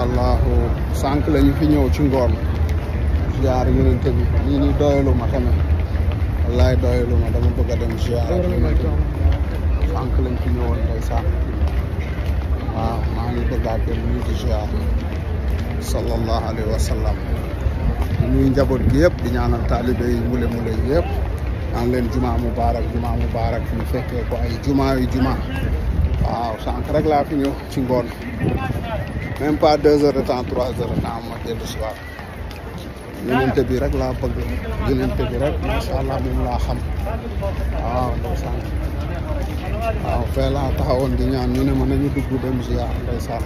macha allah sànq la ñu fi ñëw ci ngoon ziar yonent bi lii nii bëgg a dem ziar yonent lañ fi ñëwoon ndeysaan waaw maa ngi sallallahu alayhi wa sallam njaboot gi yëpp di ñaanal taalibe yi mule mule yëpp naan leen juma mubarak juma mubarak ñu fekkee ko ay juma yu juma waaw sànq rek laa fi ñëw ci ngoon même pas deux heures de temps trois heures de temps ma dellu si waat yonente bi rek laa bëgg yonente bi rek macha allah moom laa xam waaw ah, ndeysaan waaw ah, fee laa taxawoon di ñaan ñu ne ma nañu dugg dem ziar ndeysaan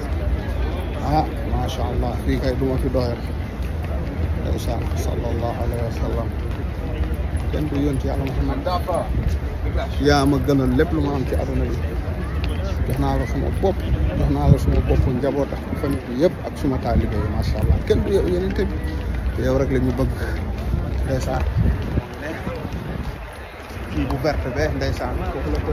ah macha allah fii kay du ma fi doyal ndeysaan sallallahu alayhi wa sallam kenn du yonent yàlla Muhammad yaa ma gënal lépp lu ma am ci aduna bi jox naa la sama bopp jox naa la sama bopp njaboot ak famille bi yëpp ak suma taalibe yi macha allah kenn du yow yeneen tamit yow rek la ñu bëgg ndeysaan kii bu verte be ndeysaan foofu la ko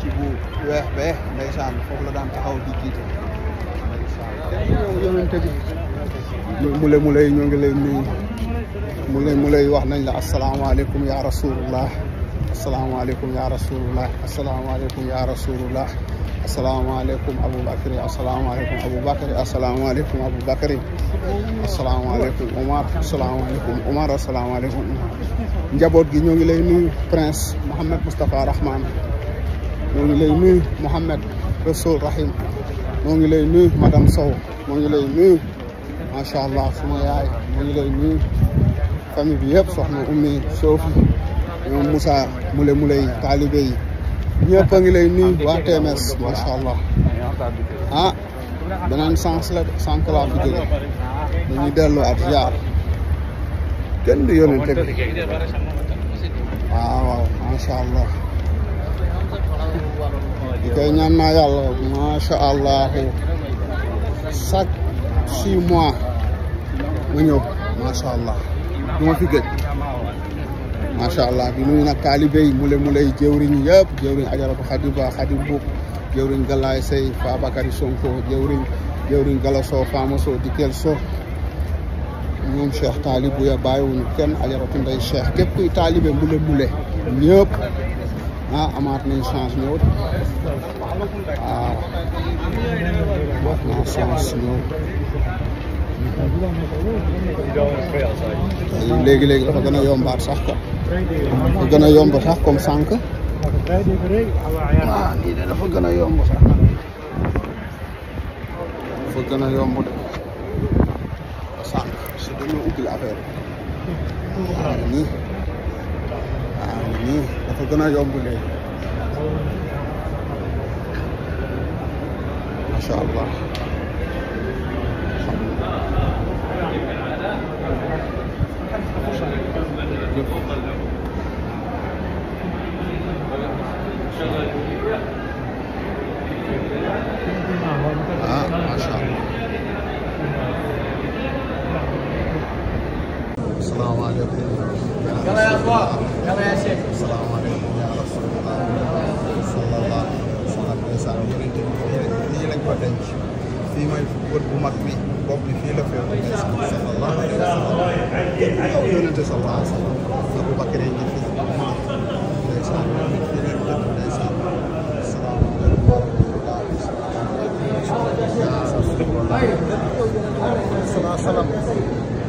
ci bu weex be ndeysaan foofu la daan taxaw di jiite ndeysaan kenn yow yonente bi mu lay mu lay ñoo ngi lay nuyu mu lay mu lay wax nañ la asalaamaaleykum ya rasulullah asalaamaaleykum ya rasulullah asalaamaaleykum ya rasulullah asalaamaaleykum aboubacry asalaamaaleykum aboubacry asalaamaaleykum aboubacry asalaamaaleykum omar asalaamaaleykum omar asalaamaaleykum njaboot gi ñoo ngi lay nuyu prince mohammed moustapha rahman ñoo ngi lay nuyu mohammed rasul rahim ñoo ngi lay nuyu madame sow ñoo ngi lay nuyu macha allah suma yaay ñoo ngi lay nuyu famille bi yëpp soxna ummi soofi musaa Moussa Moulay Moulay taalibe yi ñëpp a ngi lay nuyu waa TMS macha allah ah beneen sens la sànq laa fi jóge dañuy dellu at jaar kenn du yónnente bi ah, waaw waaw macha allah chaque six mois ma ñëw macha allah du ma fi gëj macha allah bi nuyu nag taalibe yi mule mule yi jëwriñ yëpp jëwriñ ajaratu xadiba xadi buub jëwriñ galaay sey Fabakary Sonko jëwriñ jëwriñ galasoo faamaso dikel so ñoom cheikh taalibu ya bàyyiwuñu kenn ajaratu nday cheikh képp kuy taalibe mule mule ñëpp ah, amaat nañ chance ñëw waaw ah, amaat nañ chance ñëw léegi léegi dafa gën a yombaat sax ko dafa gën a yomb sax comme sànq waaw lii de dafa gën a yomb sax dafa gën a yomb de sànq si nii waaw nii dafa gën a yomb allah السلام عليكم يلا يا اخوان يلا يا شيخ السلام عليكم يا رسول الله صلى الله عليه وسلم يسعد وريد الدنيا لك ودنك fii mooy bët bu mag bi bopp bi fii la fi sallallahu alayhi wa sallam yow yonente sallallahu alayhi wa sallam Abu Bakar ngi fi ndeysaan yeneen dëkk ndeysaan salaamaaleykum salaam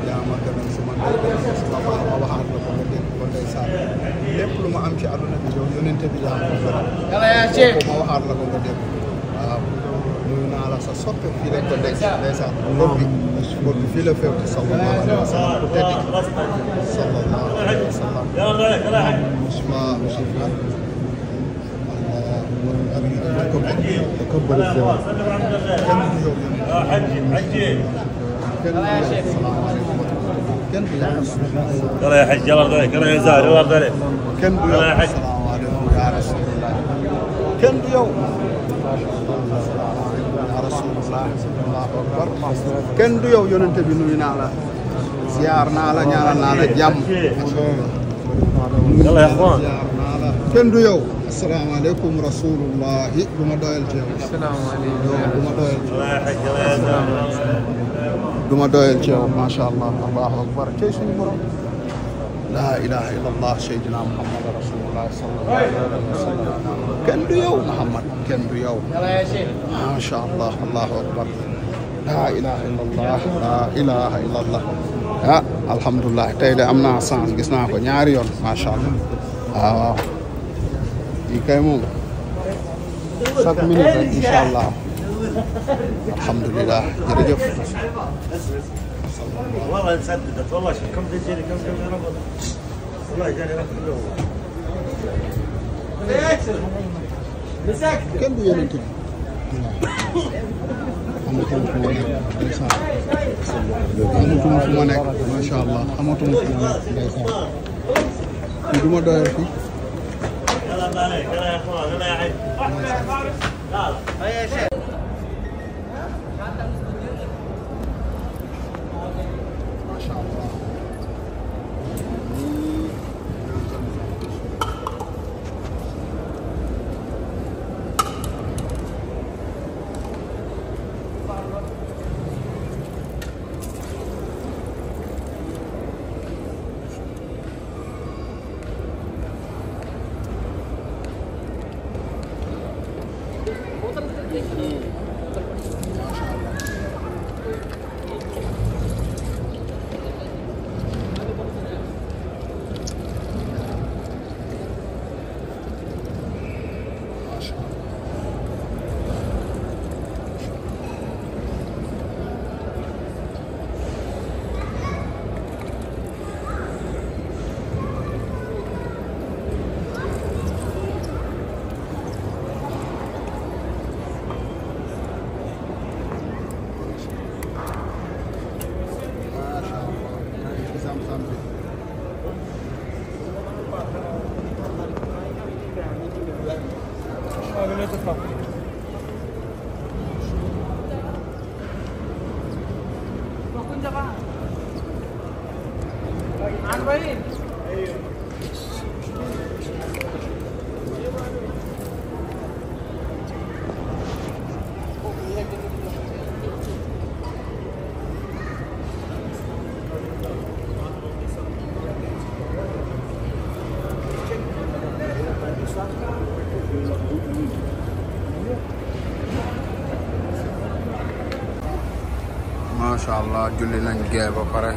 yaa ma gënal suma ndey suma baax ma waxaat la ko nga dégg ko ndeysaan lépp lu ma am ci àdduna bi yow yonente bi yaa ma ko ma waxaat la ko nga dégg ndeysaan bopp bi bopp bi fii la fépp sallallahu alayhi wa sallam ku tedd ki sallallahu alayhi wa sallam musuma musuma تقبل الزواج يلا يا حج يلا ارضى يلا يا زاهر يلا ارضى كم يوم يا حج يا رسول الله كم يوم يا رسول الله kenn du yow yonente bi nuyu naa la siyaar naa la ñaanal naa la jàmm kenn du yow asalaamaaleykum rasulullahi bu ma doyal ci yow bu ma doyal ci yow du ma doyal ci yow macha allah allahu akbar cey suñu borom laa ilaha illa allah seydina muhammad rasulullah sallallahu alayhi wa sallam kenn du yow muhammad kenn du yow macha allah allahu akbar laa ilaha illallah laa ilaha illallah ah tey de am naa chance gis naa ko ñaari yoon macha amatuma fu ma nekk ndeysaan amatuma fu ma nekk macha allah amatuma fu ma nekk ndeysaan fi du ma doyal fi macha allah julli nañ gee ba pare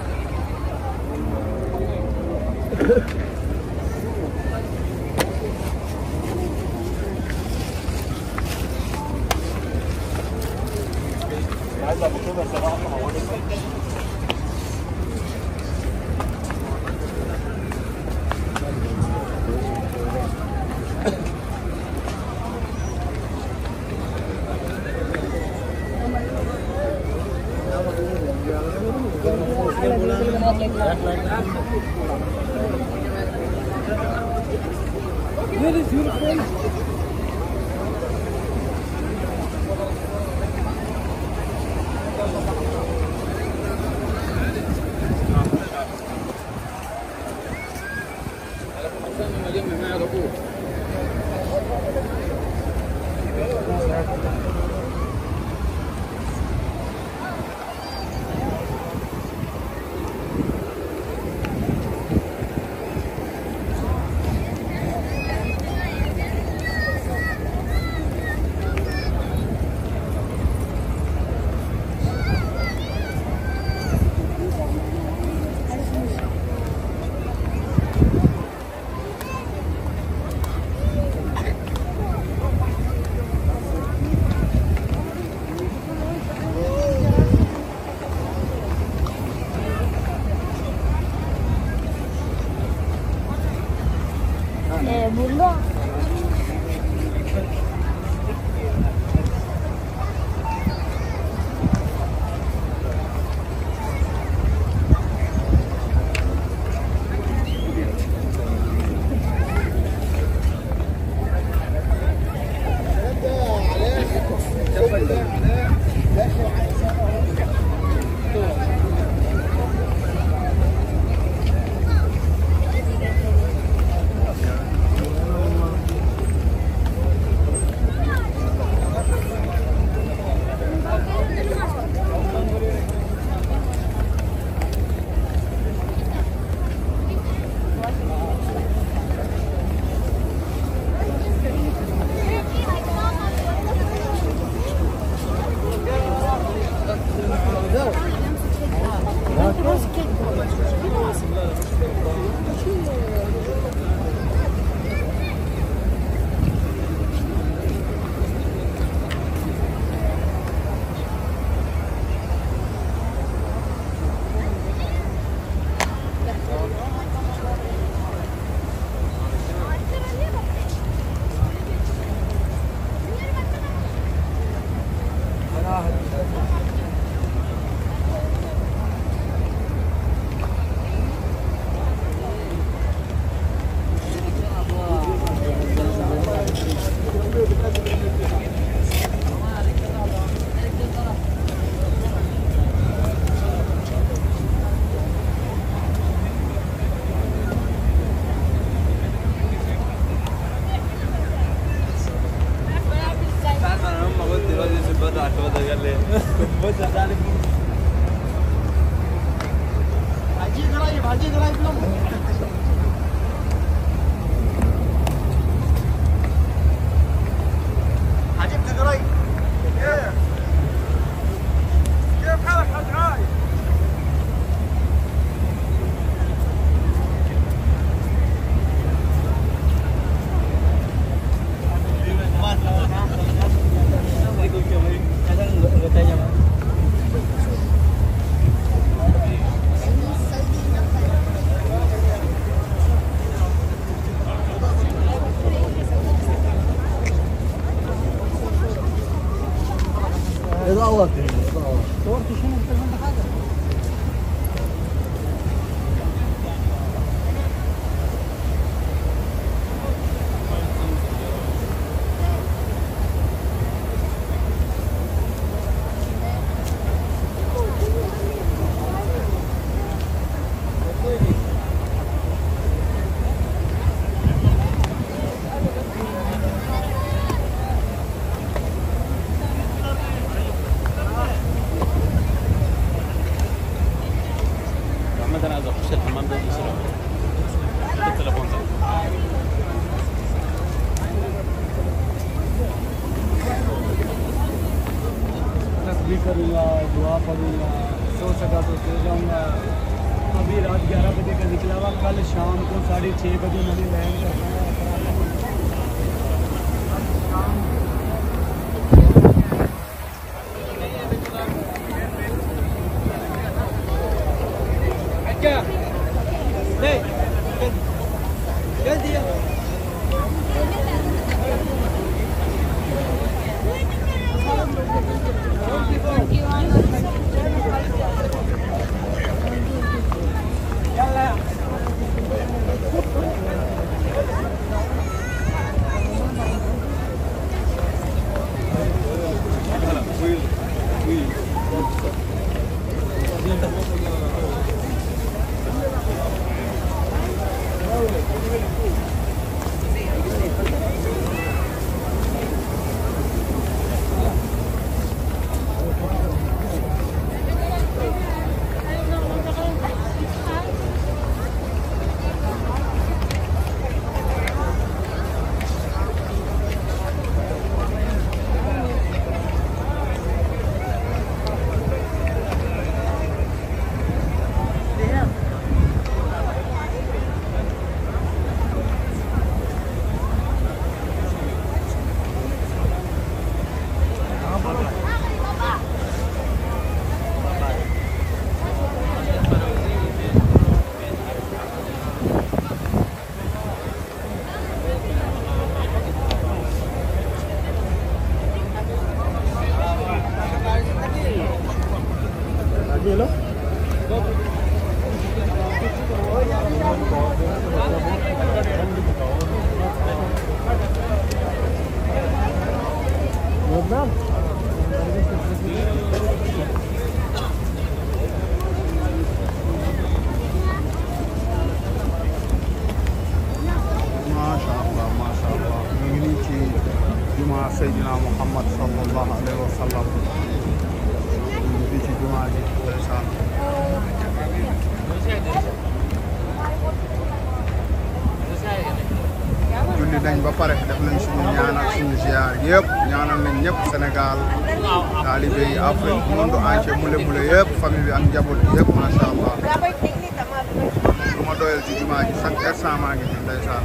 ndeysaan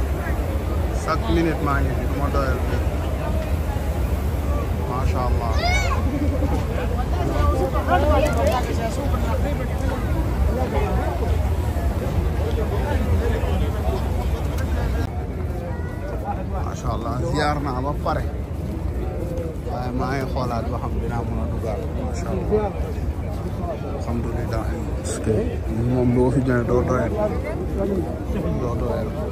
minute maa ngi fi du ma doyal fi macha naa ba pare waaye maa ngi xoolaat ba xam dinaa mën a dugal macha allah. alhamdulilah parce que moom loo fi jëlee doo doyal doo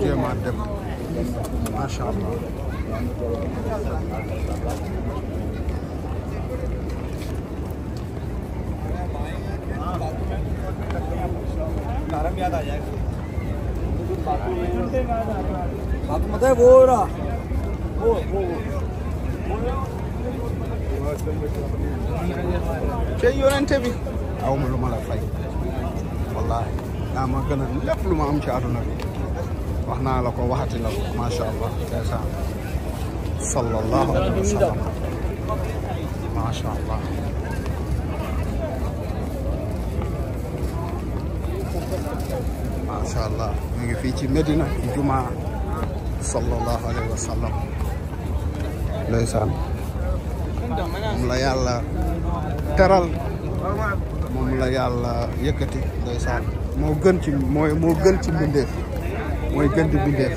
jéem a dem macha allah. बात मत है वो रहा aw ma lu ma la fay wallahi daa ma gën a lépp ma am ci àdduna wax naa la ko waxati la ko macha ngi fii ci Medina ci jumaa sallallahu alayhi wa la yàlla teral moom la yàlla yëkkati ndeysaan moo gën ci moo gën ci mbindeef mooy gën di bindee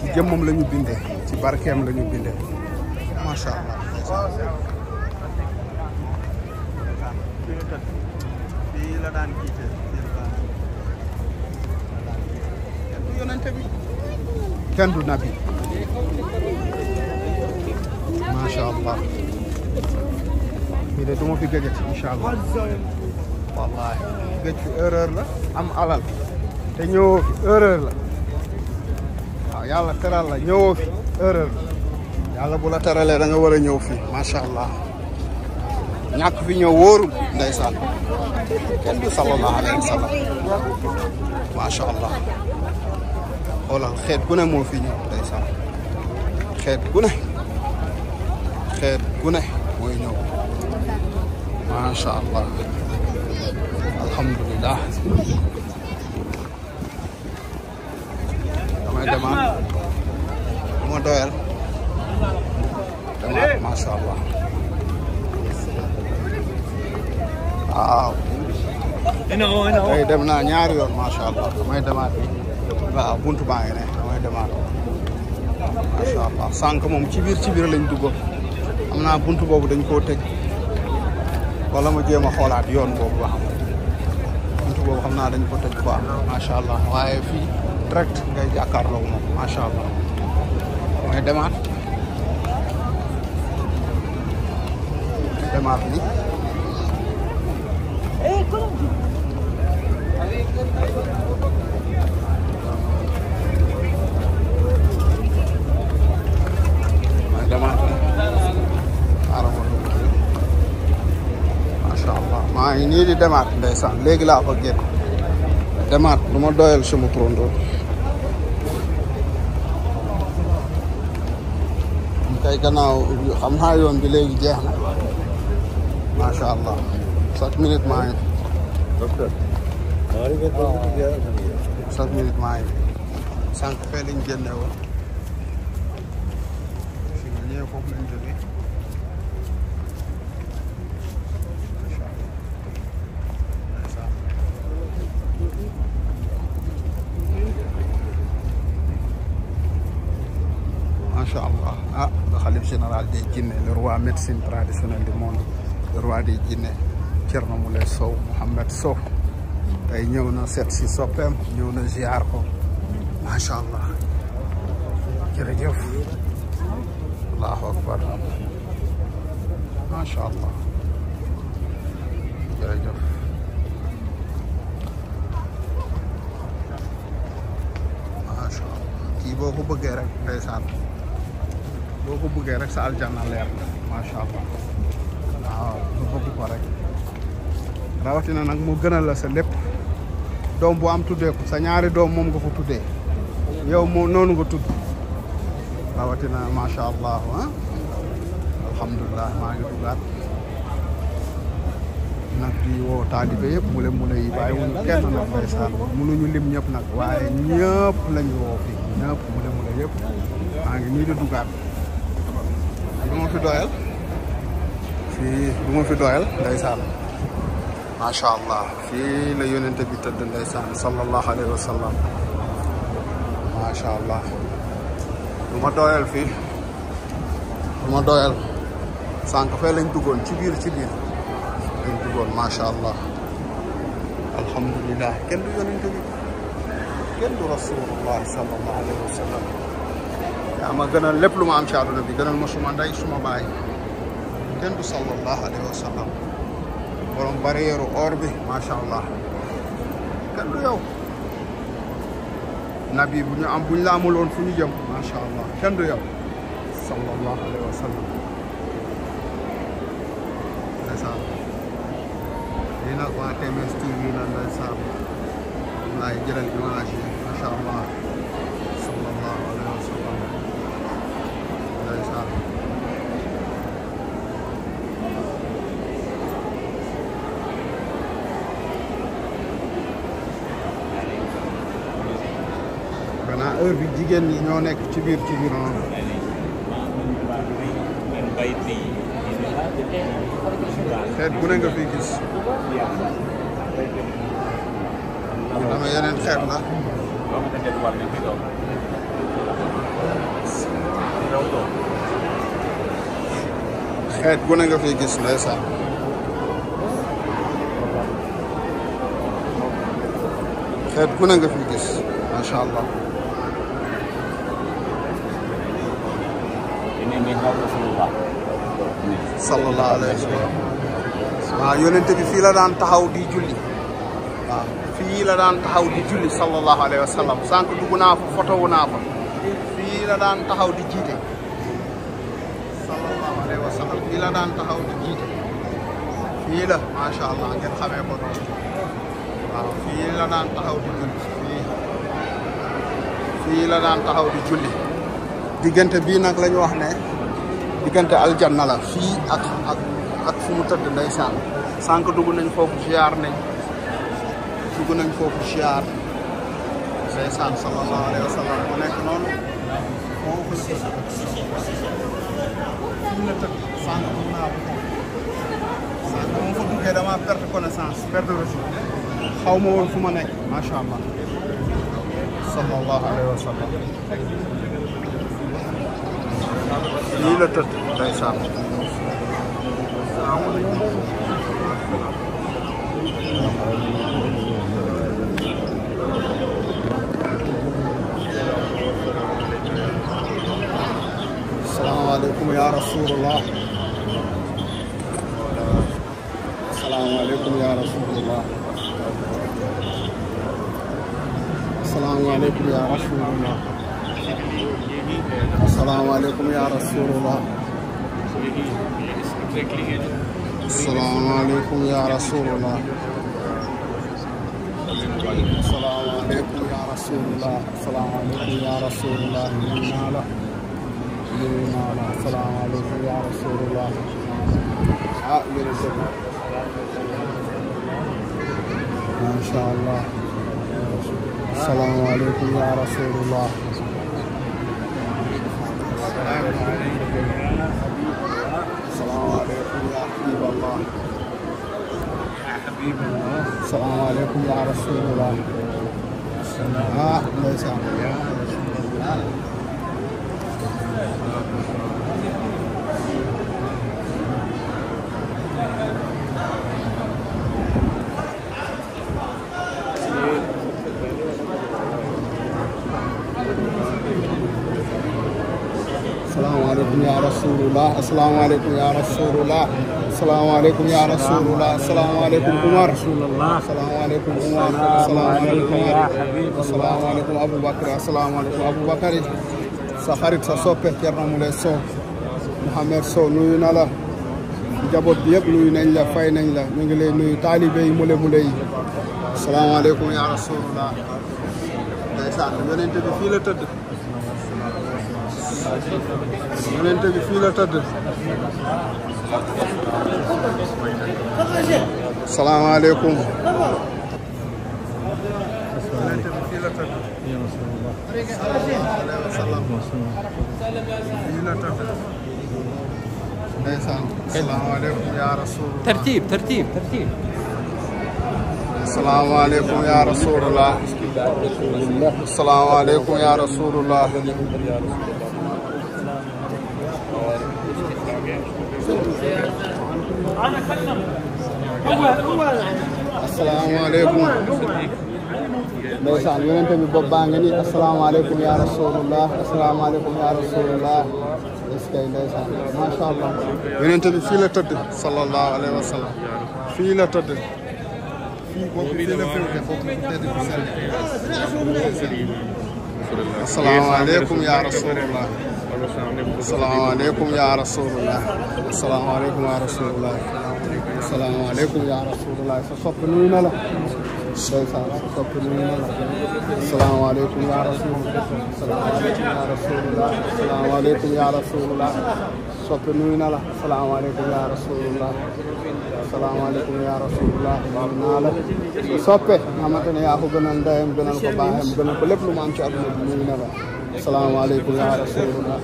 ci jëmmam la bindee ci barkeem lañu ñu bindee macha allah. kenn du nabi macha allah fii de du fi gëjëf incha allah wallaahi gëj la am alal te ñëwoo fi la. yàlla teral la ñëwoo fi heure yàlla bu la teralee da nga war a ñëw fi macha allah ñàkk fi ñëw wóorul ndeysaan kenn du sallallahu alayhi wa sallam allah xoolal xeet gu ne moo fi ñëw ndeysaan xeet gu xeet gu ne mooy ñëw macha allah alhamdulilah doyal damaat macha allah waaw tey dem naa ñaari yoon macha allah damay demaat waaw buntu baa ngi ne damay demaat allah sànq moom ci biir ci biir lañ dugg am naa bunt boobu dañ koo tëj wala ma jéem a xoolaat yoon boobu ba xam buntu boobu xam naa dañ ko tëj quoi macha allah waaye fii direct ngay jàkkaarloo moom macha allah. mooy démarche démarche bi. mooy démarche bi. macha allah maa ngi nii di démarche léegi laa ko génn démarche du ma doyal sama turandoo. ay gannaaw xam naa yoon bi léegi jeex na macha allah chaque minute maa ngi fi chaque minute maa ngi fi sànq fee lañ génne woon des djinns, le roi médecine traditionnelle du monde, le roi des djinns, Thierno Moulé Sow Mouhamed Sow tey ñëw na seet si soppeem ñëw na ziar ko macha allah jërëjëf allahu allah jërëjëf macha allah kii boo ko bëggee rek sa aljanna leer macha allah waaw nga bëgg ko rek rawatina nag moo gënal a sa lépp doom bu am tuddee sa ñaari doom moom nga ko tuddee yow moo noonu nga tudd rawatina macha allah ah maa ngi dugaat nag di woo taalibe yëpp mu leen mu lay bàyyiwuñu kenn nag ndeysaan mënuñu lim ñëpp nag waaye ñëpp lañu woo fii ñëpp mu leen yëpp maa ngi nii di dugaat. du ma fi doyal fii du ma fi doyal ndeysaan macha allah fii la yonent bi tëdd ndeysaan sallallahu alayhi wa sallam macha allah du ma doyal fii du ma doyal sànq fee lañ duggoon ci biir ci biir lañ duggoon macha allah alhamdulilah kenn du yonent bi kenn du rasulullah sallallahu alayhi wa sallam yaa ah, ma gënal lépp lu ma am ci àdduna bi gënal ma suma ndey suma baay kenn du sallallahu alayhi wa sallam borom barrière or bi macha nabi bu ñu am bu ñu la amul fu ñu jëm macha allah kenn du yow sallallahu alayhi wa sallam ndeysaan lii nag waa TMS TV lii nag ndeysaan laay jëlal image yi macha allah heure bi jigéen ñi ñoo nekk ci biir ci xeet bu ne nga fi gis. ñu yeneen xeet na xeet bu ne nga fi gis ndeysaan. xeet bu ne nga fi gis macha allah. Muhammad rasulullah sallallahu alayhi wa sallam waaw yonent fii la daan taxaw di julli waaw fii la daan taxaw di julli sallallahu alayhi wa naa foto wu naa fa fii la daan taxaw di jiite sallallahu alayhi wa sallam fii la daan taxaw di jiite fii la macha allah ngeen xamee ko noonu waaw fii la daan taxaw di julli fii la daan taxaw di julli diggante bii nag la ñu wax ne diggante aljanna la fii ak ak ak fu mu tëdd ndeysaan sànq dugg nañ foofu ziar nañ dugg nañ foofu ziar ndeysaan sallallahu alayhi wa sallam nekk noonu moo ko si fi dugg naa ko sànq moom sallallahu alayhi wa lii la tëdd ndeysaan salaamaaleykum yaa rasulallah salaamaaleykum yaa rasulallah salaamaaleykum yaa rasulallah asalaamaaleykum yaa rasulallah. asalaamaaleykum yaa rasulallah. asalaamaaleykum yaa rasulallah. asalaamaaleykum yaa rasulallah. nuyu naa la. nuyu naa la asalaamaaleykum yaa rasulallah. ah jërëjëf. macha allah. asalaamaaleykum yaa rasulallah. asalaamaaleykum ya rasulullah ah ndeysaan asalaamaaleykum ya rasulullah asalaamaaleykum ya rasulullah salaamaaleykum yaa rasulallah salaamaaleykum Umar salaamaaleykum Umar salaamaaleykum Umar salaamaaleykum Aboubacar sa xarit sa soppe Thierno Moule Sow Mouhamed Sow nuyu na la njaboot yëpp nuyu nañ la fay nañ la ngi lay nuyu taalibe yi mule mule yi salaamaaleykum yaa rasulallah tëdd salaamaaleykum. ndeysaan ya yaa rasulallah. tartiib tartiib tartiib. asalaamaaleykum ndeysaan yonente bi bopp baa ngi ni asalaamaaleykum ya rasulullah asalaamaaleykum ya rasulullah est-ce que ndeysaan macha allah yonente bi fii la tëdd sallallahu alayhi wa sallam fii la tëdd fii boobu fii la féwte foofu tëdd bi sell asalaamaaleykum ya rasulullah asalaamaaleykum ya rasulullah asalaamaaleykum ya rasulullah asalaamaaleykum yaa rasulullah sa sopp nuyu na la ndeysaan sa sopp nuyu na la asalaamaaleykum yaa rasulullah asalaamaaleykum yaa rasulullah asalaamaaleykum yaa rasulullah sopp nuyu na la asalaamaaleykum yaa rasulullah asalaamaaleykum yaa rasulullah nuyu naa la sa soppe xamante ne yaa ko gënal ndeyam gënal ko baayam gënal ko lépp lu mu am ci àdduna bi nuyu na la salaamaaleykum yaa rasulullah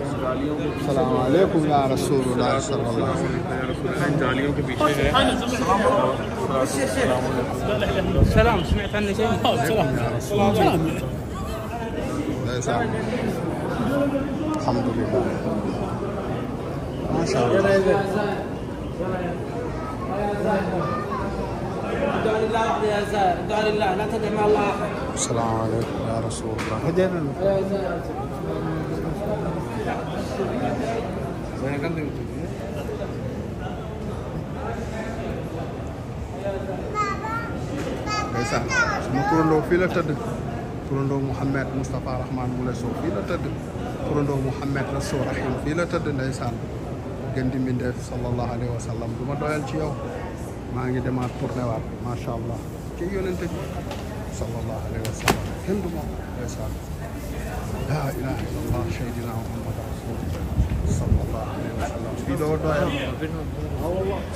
salaamaaleykum yaa rasulullah sallallahu سلام سمعت عنه شيء؟ سلام سلام الحمد لله ما شاء الله ادعو لله وحده يا زاهد ادعو لله لا تدع مع الله احد السلام عليكم يا رسول الله هدينا এখান থেকে ndeysaan sama turandoo fii la tëdd turandoo Mouhamed Moustapha Rahman Moulay Sow fii la tëdd turandoo Mouhamed Rasoul Rahim fii la tëdd ndeysaan gën di mbindeef sallallahu alayhi wa sallam du ma doyal ci yow maa ngi demaat tourné waat macha allah ci yonente bi sallallahu alayhi wa sallam kenn du ma ndeysaan la ilaha illallah sayyidina Muhammad rasulullah fii doo doyal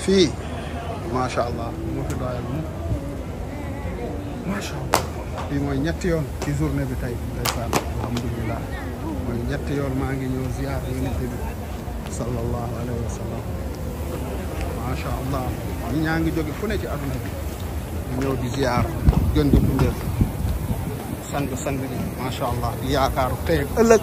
fii macha allah moo fi doyal moom fii mooy ñetti yoon ci journée bi tey ndeysaan mooy ñetti yoon maa ngi ñëw ziar yonente bi sallallahu alayhi wa sallam allah ñi ñaa ngi jóge fu ne ci aduna bi ñëw di ziar gën di sang sang bi macha allah di yaakaaru tey ëllëg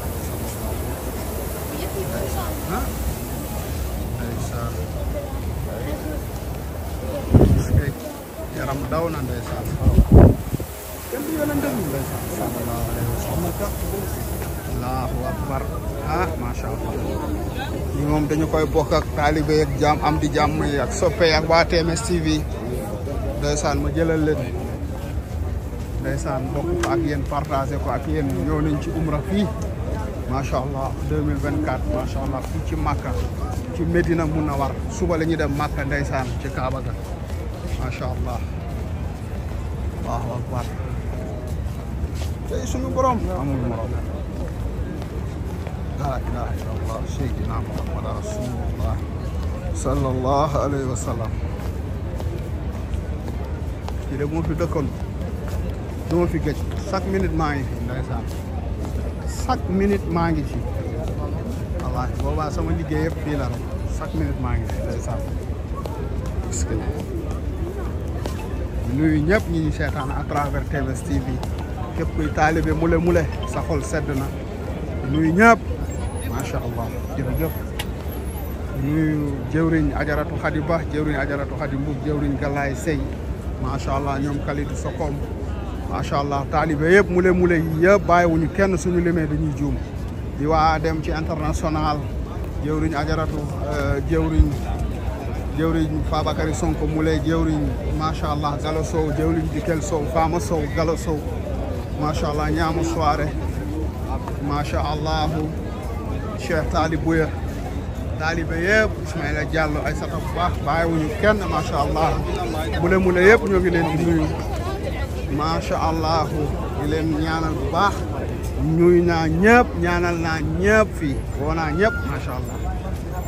daw na ndeysaan kenn du allahu akbar ah macha allah ñi moom dañu koy bokk ak taalibe ak jaam am di jaam yi ak soppe ak TMS TV ndeysaan ma jëlal leen ndeysaan bokk ko ak yen partagé ko ak yéen ñëw nañ ci umra fii macha allah 2024 macha allah fii ci Makka ci Medina Munawar suba la ñuy dem Makka ndeysaan ci Kaaba ga macha allah waaw waaw tey suñu borom amul morom laa ilaaha illallah seydina muhammad rasulullah sallallahu alayhi wa sallam kii de moo fi dëkkoon duma fi gëj chaque minute maa ngi fi ndeysaan chaque minute maa ngi ci wallaahi boobaa sama liggéey yëpp fii la rek chaque minute maa ngi fi ndeysaan nuyu ñëpp ñi ñu seetaan à travers TMS TV képp kuy taalibe mule mule sa sedd na nuyu ñëp macha allah jërëjëf nuyu jëwriñ ajaratu xadi ba jëwriñ ajaratu xadi mbub jëwriñ galaay sey macha allah ñoom kalidu sokoom macha allah taalibe yëpp mule mule yi yëpp bàyyiwuñu kenn suñu limee dañuy juum di waa dem ci international jëwriñ ajaratu euh, jëwriñ jëwriñ Fabakary Sonko mu lay jëwriñ macha allah Galo Sow jëwriñ Dikel Sow Fama Sow Galo Sow macha allah ñaamu soirée macha allah Cheikh Tali Bouya taalibe yëpp Ismaïla Diallo macha allah mule mule ñoo ngi leen di nuyu macha allah leen ñaanal bu baax nuyu naa ñëpp ñaanal naa ñëpp fii woo naa ñëpp macha allah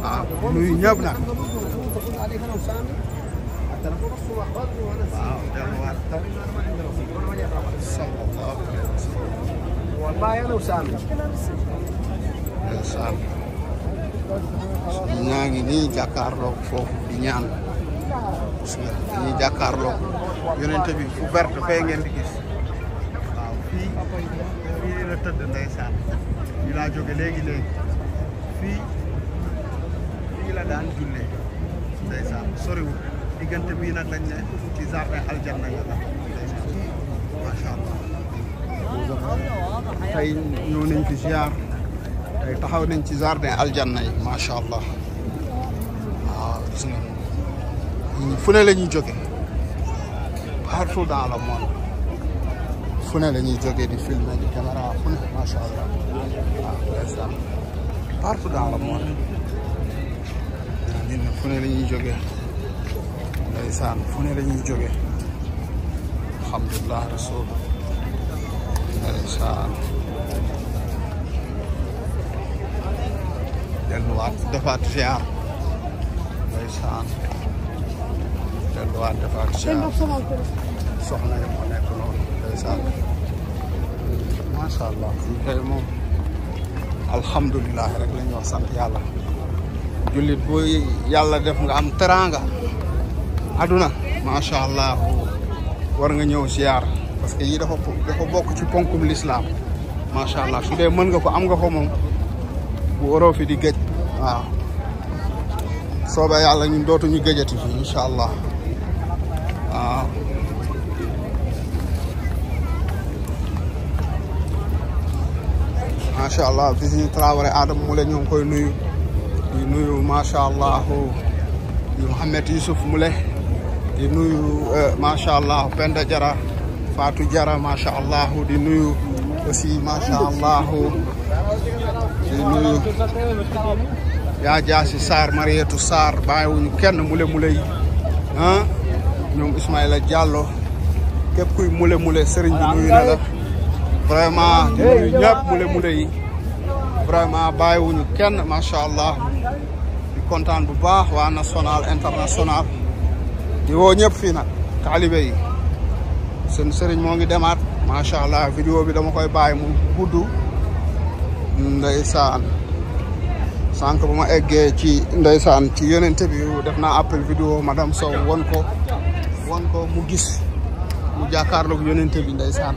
waaw nuyu عليك انا وسامي حتى انا بنص واحد وانا والله انا وسامي يا سامي ñaa ngi nii jàkkaarloo foofu di ñaan dañuy jàkkaarloo yonent bi fu verte fee ngeen di gis waaw fii fii la tëdd ndeysaan ñu laa jóge léegi léegi fii fii la daan jullee ndeysaan soriwul diggante bii nag lañ ne ci jardin aljanna nga la ndeysaan macha allah tey ñëw nañ fi ziar tey taxaw nañ ci jardin aljanna yi macha allah waaw gis nga fu ne la ñuy jóge partout dans le monde fu ne la ñuy jógee di filmer di caméra fu ne macha allah waaw partout dans le monde génn fu ne la ñuy jógee ndeysaan fu ne la ñuy jógee alhamdulilah rasul ndeysaan delluwaat defaat ziar ndeysaan delluwaat defaat allah ñu koy moom alhamdulilah rek la ñuy wax sant yàlla jullit bu yàlla def nga am teraanga aduna macha allah war nga ñëw ziar parce que yi dafa dafa bokk ci ponkum lislaam macha allah su dee mën nga ko am nga ko moom bu waroo fi di géej waaw soobee yàlla ñun dootuñu géejati fi incha allah waaw macha allah fi suñu travare Adama mu la ñoo ngi koy nuyu di nuyu macha allah Mouhamed Youssouf Moule di nuyu eh, macha allah Penda Jara Fatou Jara macha allah di nuyu aussi macha allah di nuyu yaa jaasi Sarr Marietou Sarr bàyyiwuñu kenn mule mule yi ah ñoom Ismaïla Diallo képp kuy mule mule sëriñ bi nuyu na vraiment di nuyu ñëpp mule mule yi vraiment bàyyiwuñu kenn macha allah. kontaan bu baax waa national international di woo ñëpp fii nag taalibe yi seen sëriñ moo ngi demaat macha allah vidéo bi dama koy bàyyi mu gudd ndeysaan sànq bu ma eggee ci ndeysaan ci yonente bi def naa appel vidéo madame Sow won ko won ko mu gis mu jàkkaarloog yonente bi ndeysaan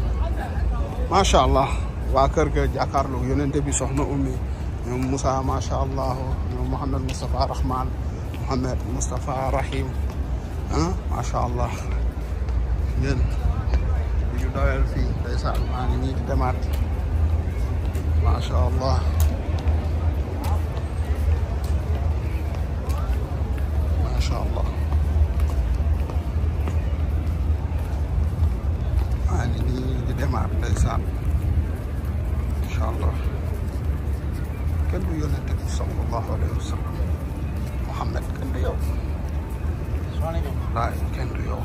macha allah waa kër ga jàkkaarloog yonente bi soxna ummi ñoom Moussa macha allah Mouhamed Moustapha Rahman Mouhamed Moustapha Rahim ah macha allah yéen ñu doyal fii ndeysaan maa ngi nii di demaat macha allah macha allah maa ngi nii di demaat ndeysaan macha allah kenn du yonent bi sallallahu alayhi wa sallam Muhammad kenn du yow laay kenn du yow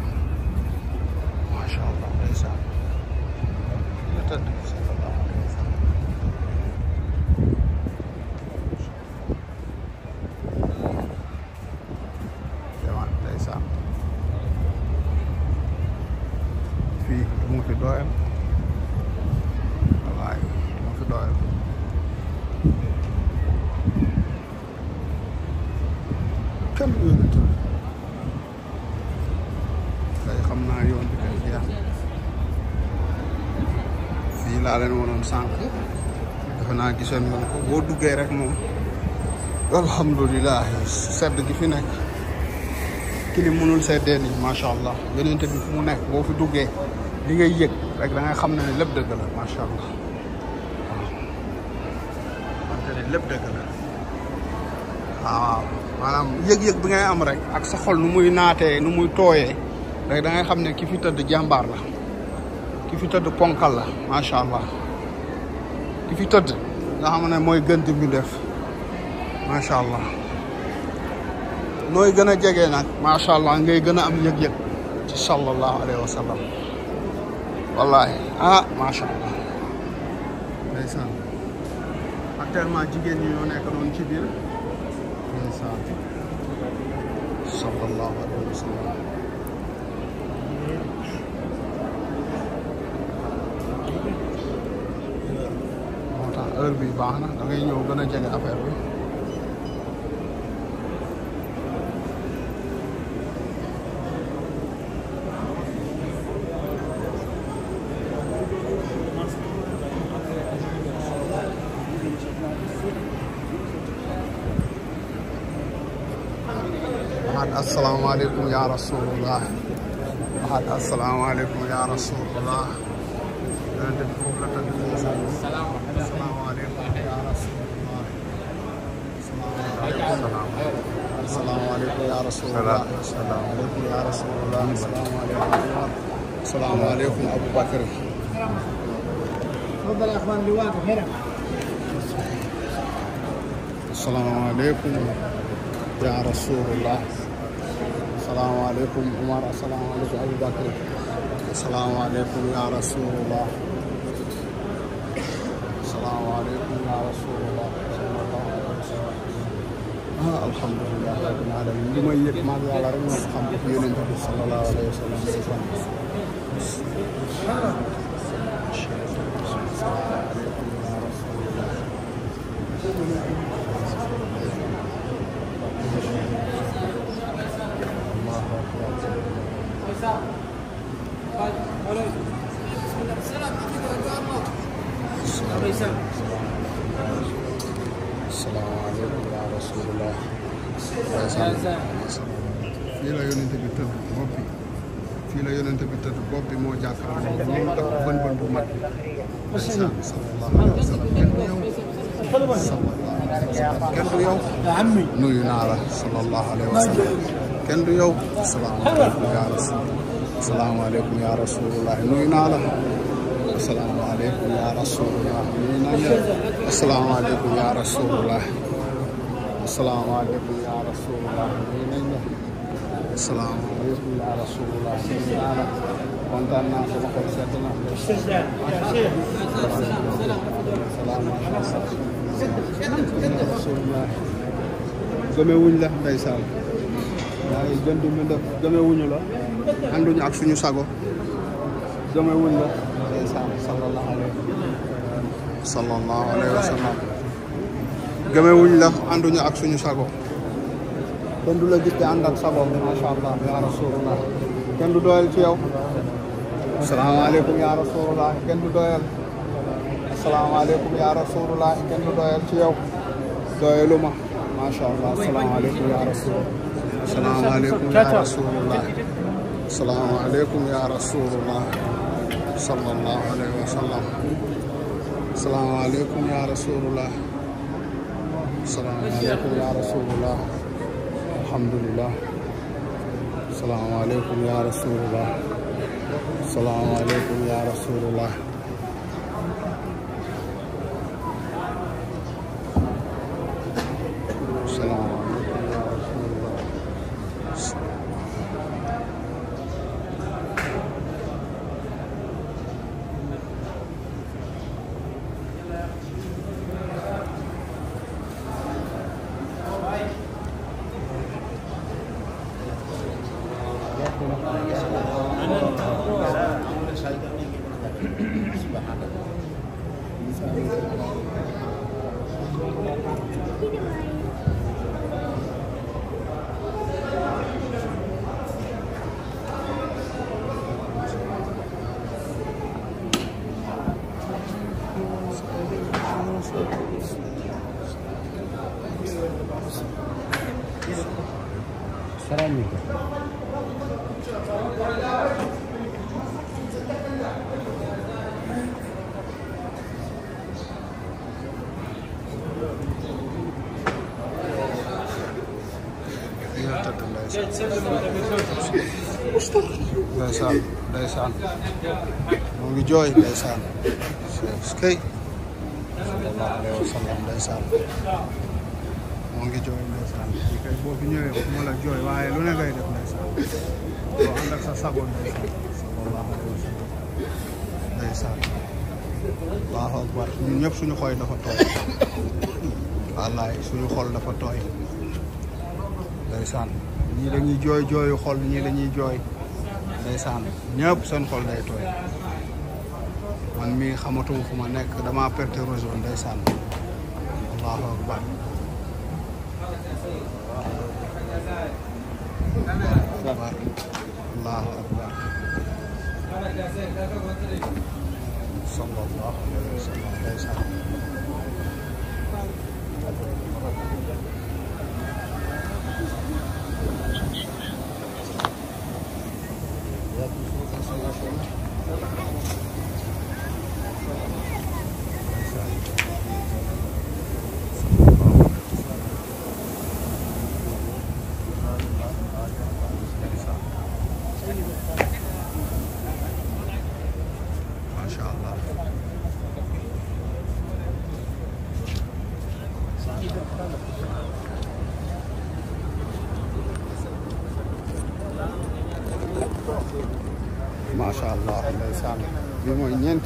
macha allah ndeysaan gisoon ngeen ko boo duggee rek moom alhamdulilah sedd gi fi nekk li mënul seddee nii macha allah yonente bi fu mu nekk boo fu duggee li ngay yëg rek da xam ne ne lépp dëgg la macha allah waaw wante ne lépp yëg-yëg bi ngay am rek ak sa xol nu muy naatee nu muy tooye rek da xam ne ki fi tëdd jàmbaar la ki fi tëdd ponkal la macha allah ki fi tëdd nga xam ne mooy gënt bi def macha allah nooy gën a jege nag macha allah ngay gën a am yëg-yëg ci sallallahu alayhi wa sallam wallahi ah macha allah ndeysaan actuellement jigéen ñi ñoo nekk noonu ci biir ndeysaan sallallahu alayhi wa heure bi baax na da ngay ñëw gën a jege affaire bi waxaat asalaamaaleykum yaa rasulullah waxaat asalaamaaleykum yaa rasulullah ya rasulullah assalamu alaikum ya rasulullah assalamu alaikum assalamu alaikum abu bakr تفضل يا اخوان لواء هنا السلام عليكم يا رسول الله السلام عليكم عمر السلام عليكم ابو بكر السلام عليكم يا رسول الله السلام عليكم يا رسول الله ah alhamdulilah rabbil alamin li may yëg maag yàlla rek moo ko xam yonent bi sallallahu alayhi wa sallam fii la yonente bi la yonente bi tëdd bopp bi moo jàkkaarloo bu mag bi ndeysaan sallallahu du yow sallallahu alayhi wa naa la sallallahu alayhi wa sallam kenn du naa la asalaamaaleykum yaa rasulullah rasulullah asalaamaaleykum ya rasulullah ñii nañ la asalaamaaleykum ya rasulullah sëñ naa la kontaan naa sama xol sedd na asalaamaaleykum rasulullah gëmewuñ la ndeysaan waaye jënd mi def gëmewuñu la ànduñu ak suñu sago gëmewuñ la ndeysaan sallallahu alayhi sallallahu alayhi wa sallam gëmewuñ la ànduñu ak suñu sago kenn du la gis te ànd ak sago macha allah ya rasulullah kenn du doyal ci yow asalaamaaleykum ya rasulullah kenn ya rasulullah kenn du doyal ci yow doyalu ma macha allah asalaamaaleykum ya rasulullah asalaamaaleykum ya ya rasulullah sallallahu alayhi ya rasulullah salaamaaleykum yaa rasulullah alhamdulillah salaamaaleykum yaa rasulullah salaamaaleykum yaa rasulullah Keramik. Ndeysaan ndeysaan mu ngi jooy ndeysaan sallallahu alayhi wa sallam ndeysaan moo ngi jooy ndeysaan di kay boo fi ñëwee waxuma la jooy waaye lu ne def ndeysaan boo ànd ak sa sago ndeysaan sallallahu wa ñëpp suñu xooy dafa tooy wallaay suñu xol dafa tooy ndeysaan ñii dañuy jooy jooyu xol ñii lañuy jooy ndeysaan ñëpp seen xol day tooy man mii xamatuma fu ma nekk damaa perte région ndeysaan allahu akbar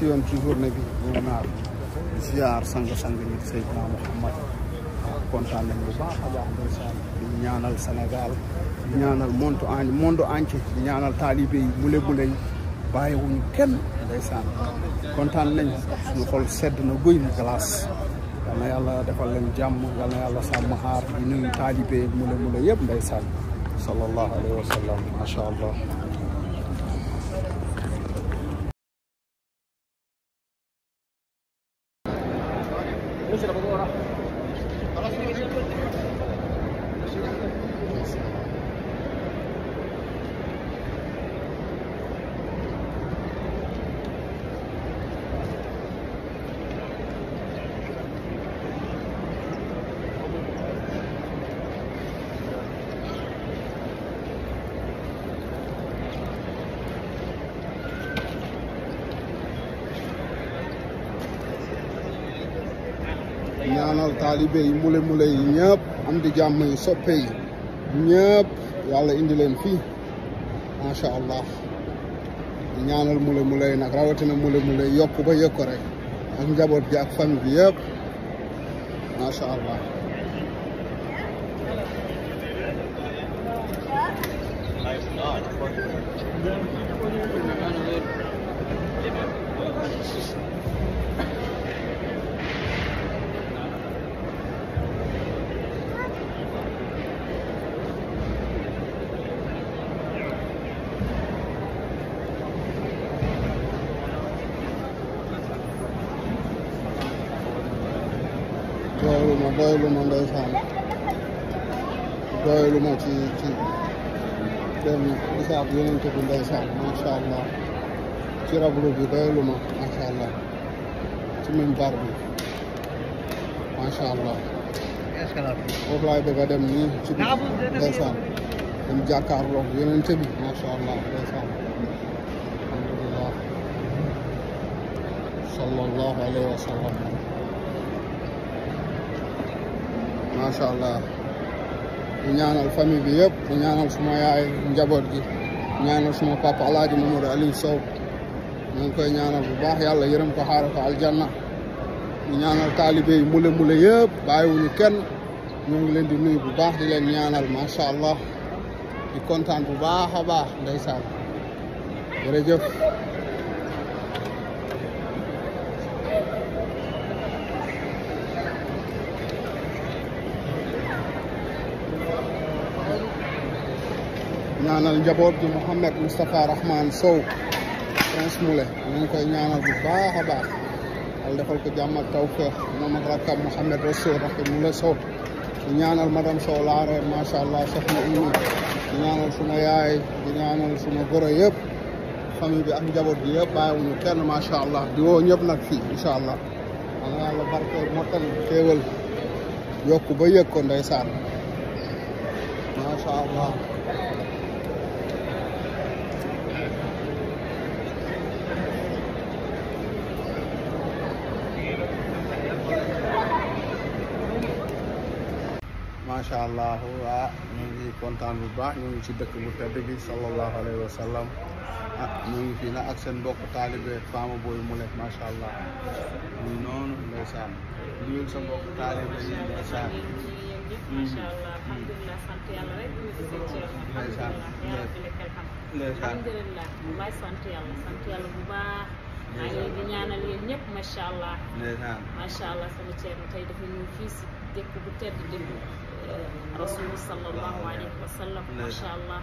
ñeenti yoon ci journée bi ñëw naa di ziar sang-sang ñi di Seydina kontaan nañ bu baax a baax ndeysaan di ñaanal Sénégal di ñaanal monde en monde ñaanal taalibe yi mule mule yi bàyyiwuñu kenn ndeysaan kontaan nañ suñu xol sedd na guy mu glace yal na yàlla defal leen jàmm yal na yàlla sàmm aar di nuyu mule mule yëpp ndeysaan sallallahu alayhi wa sallam macha allah taalibe yi mule mule yi ñëpp am di jàmm yi soppe yi ñëpp yàlla indi leen fii macha allah di ñaanal mule mule yi nag rawatina mule mule yi ba yëg ko rek ak njaboot bi ak famille bi yëpp macha allah. doylu ma ma ci ci dem gisaab yonent bi ndeysaan macha allah ci rablu bi ma ci minbar bi macha allah foofu laay bëgg a dem ci bi ndeysaan dem alhamdulillah sallallahu alayhi wa sallam macha allah ñu ñaanal famille bi yëpp ñu ñaanal suma yaay njaboot gi ñaanal suma papa El Hadj Mamadou Aliou Sow ñu ngi koy ñaanal bu baax yàlla yërëm ko xaaral ko aljanna ñu ñaanal taalibe yi mule mule yëpp bàyyiwuñu kenn ñu ngi leen di nuyu bu baax di leen ñaanal macha allah di kontaan bu baax a baax ndeysaan jërëjëf. ñaanal njaboot bi Mouhamed Moustapha Rahman Sow Prince Moulé ñu koy ñaanal bu baax a baax defal ko jàmm ak tawfeex moom ak rakkam Mouhamed Rassoul Sow ñaanal madame Sow laaree macha allah soxna Oumy di ñaanal suma yaay di ñaanal suma goro yëpp famille bi ak njaboot bi yëpp bàyyiwuñu kenn macha allah di woo ñëpp nag fii incha allah am na yàlla barkeel yokku ba yëg ko ndeysaan macha allah macha allah waa ñu ngi kontaan bu baax ñu ngi ci dëkk bu tedd bi sallallahu alayhi wa sallam ah ñu ngi fii nag ak seen mbokk taalibe Fama Boy Moulé macha allah ñu noonu ndeysaan nuyul sa mbokk taalibe yi ndeysaan mm-hmm. macha allah alhamdulilah sant yàlla rek ñu ngi seen ceeb alhamdulilah yàlla fi lekkal xam alhamdulilah bu may sant yàlla sant yàlla bu baax maa ngi di ñaanal yéen ñëpp macha allah macha allah sama ceeb tey dafa ñëw fii si dëkk bu tedd dëkk rasul sallallahu alayhi wa sallam macha allah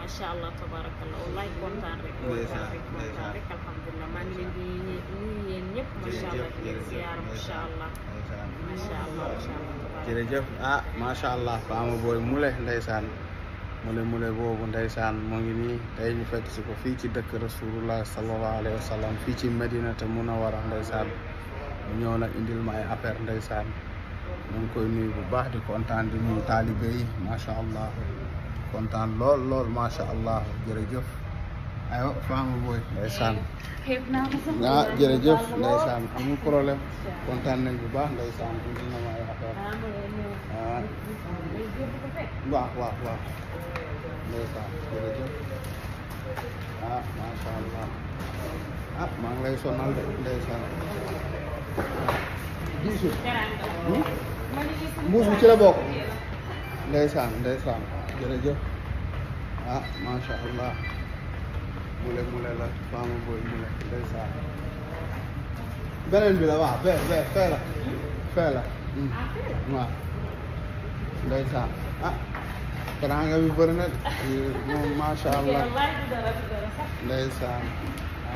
macha allah tabarakallah wallaay kontaan rek kontaan rek kontaan rek alhamdulilah maa ngi leen di nuyu yéen ñëpp macha allah di leen ziyaara macha allah macha allah macha allah jërëjëf ah macha allah baama booy mule ndeysaan mule mule boobu ndeysaan moo ngi nii tey ñu fekk si ko fii ci dëkk rasulullah sallallahu alayhi wa sallam fii ci madinata munawara ndeysaan ñëw na indil ma ay affaire ndeysaan ñu ngi koy nuyu bu baax di kontaan di nuyu taalibe yi macha allah kontaan lool lool macha allah jërëjëf. aywa Fama booy ndeysaan ah jërëjëf ndeysaan amul problème kontaan nañ bu baax ndeysaan indi na ma ay affaire ah waaw waaw ndeysaan jërëjëf ah macha allah ah maa ngi lay sonal mbuus mi ci la bokk ndeysaan ndeysaan jërëjëf ah macha allah mule mule la faama booy mule ndeysaan beneen bi la waaw be be fee la hmm. ah, fee la waaw ndeysaan ah teraanga bi bëri na moom allah ndeysaan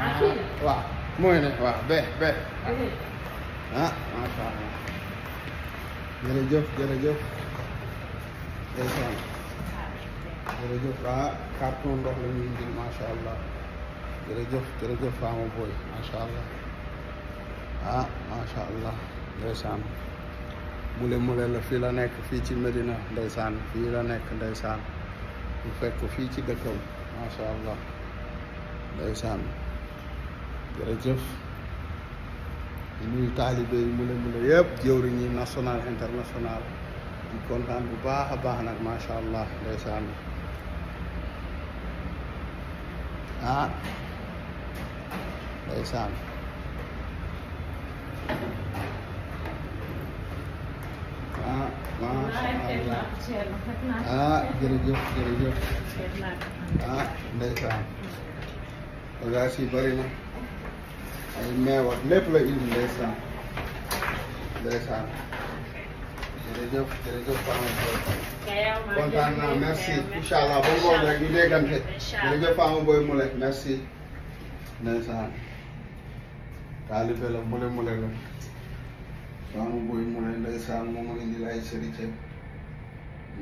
ah, ah waaw mooy ne waaw be be ah macha allah jërëjëf jërëjëf ndeysaan jërëjëf ah carton ndox la ñuy indil macha allah jërëjëf jërëjëf faama ah, booy macha allah ah macha allah ndeysaan mule mule la fii la nekk fii ci Medina ndeysaan fii la nekk ndeysaan ñu fekk fii ci dëkkam macha allah ndeysaan jërëjëf di nuyu taalibe yi mu ne mu ne yëpp jëwriñ national international di kontaan bu baax a baax nag macha allah ndeysaan ah ndeysaan ah macha allah ah jërëjëf jërëjëf ah ndeysaan bagaas yi bari na ay meew ak lépp la indi ndeysaan ndeysaan jërëjëf jërëjëf Fama kontaan naa merci incha allah ba ngoon rek ñu déggante jërëjëf Fama Boy Moule merci ndeysaan taalibe la mule mule la Fama Boy Moule ndeysaan moom a indi la ay sërite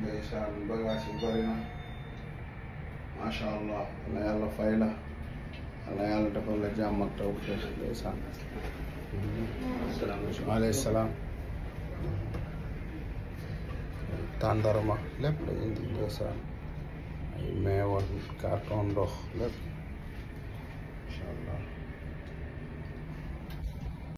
ndeysaan bagage yi bari na macha allah na yàlla fay la walla yàlla defal la jàmm ak taw feex ndeysaan alayhi salaam tàndarma lépp la indi ndeysaan ay meewal carton ndox lépp allah